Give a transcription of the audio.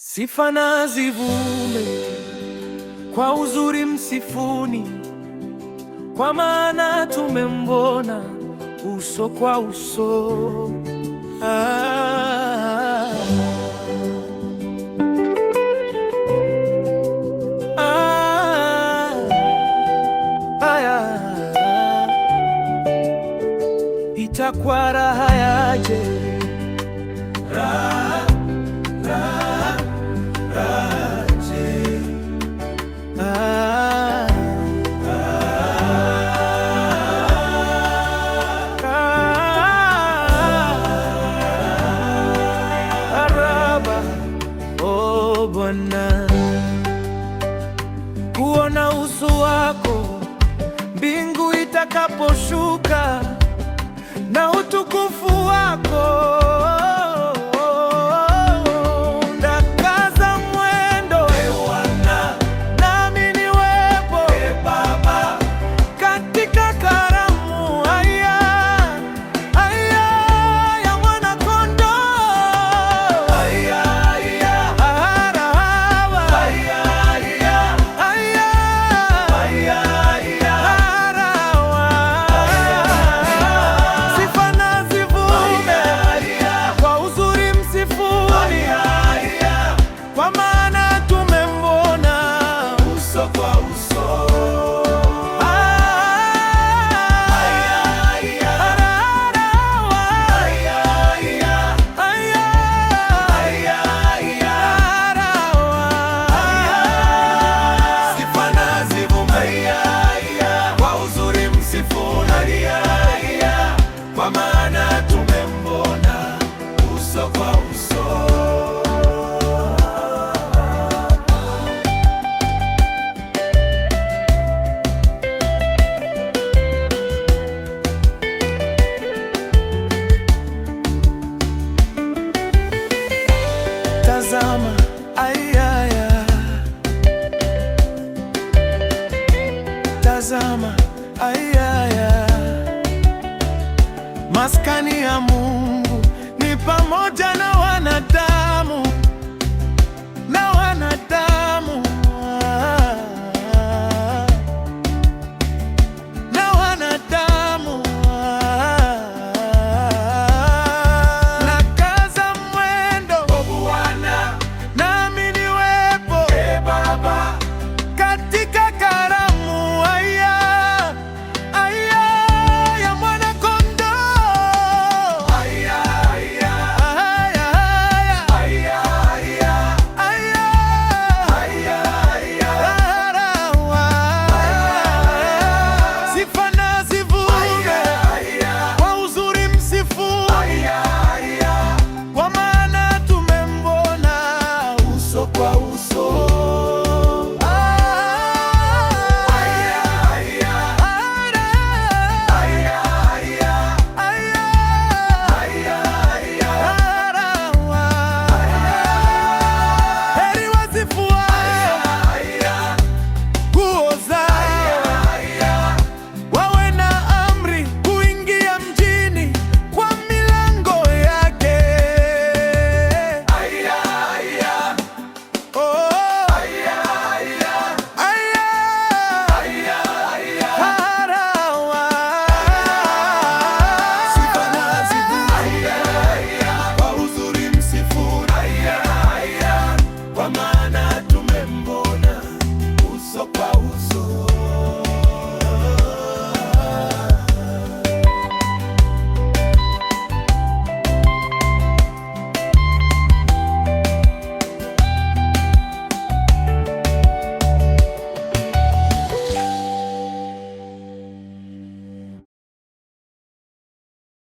Sifa na zivume kwa uzuri msifuni, kwa maana tumembona uso kwa uso. Ah, ah, ah, itakuwa raha yaje, raha, raha Araba, oh wako mbingu itakaposhuka na utukufu wako ayaya. Maskani ya Mungu ni pamoja na wanadamu. kwa maana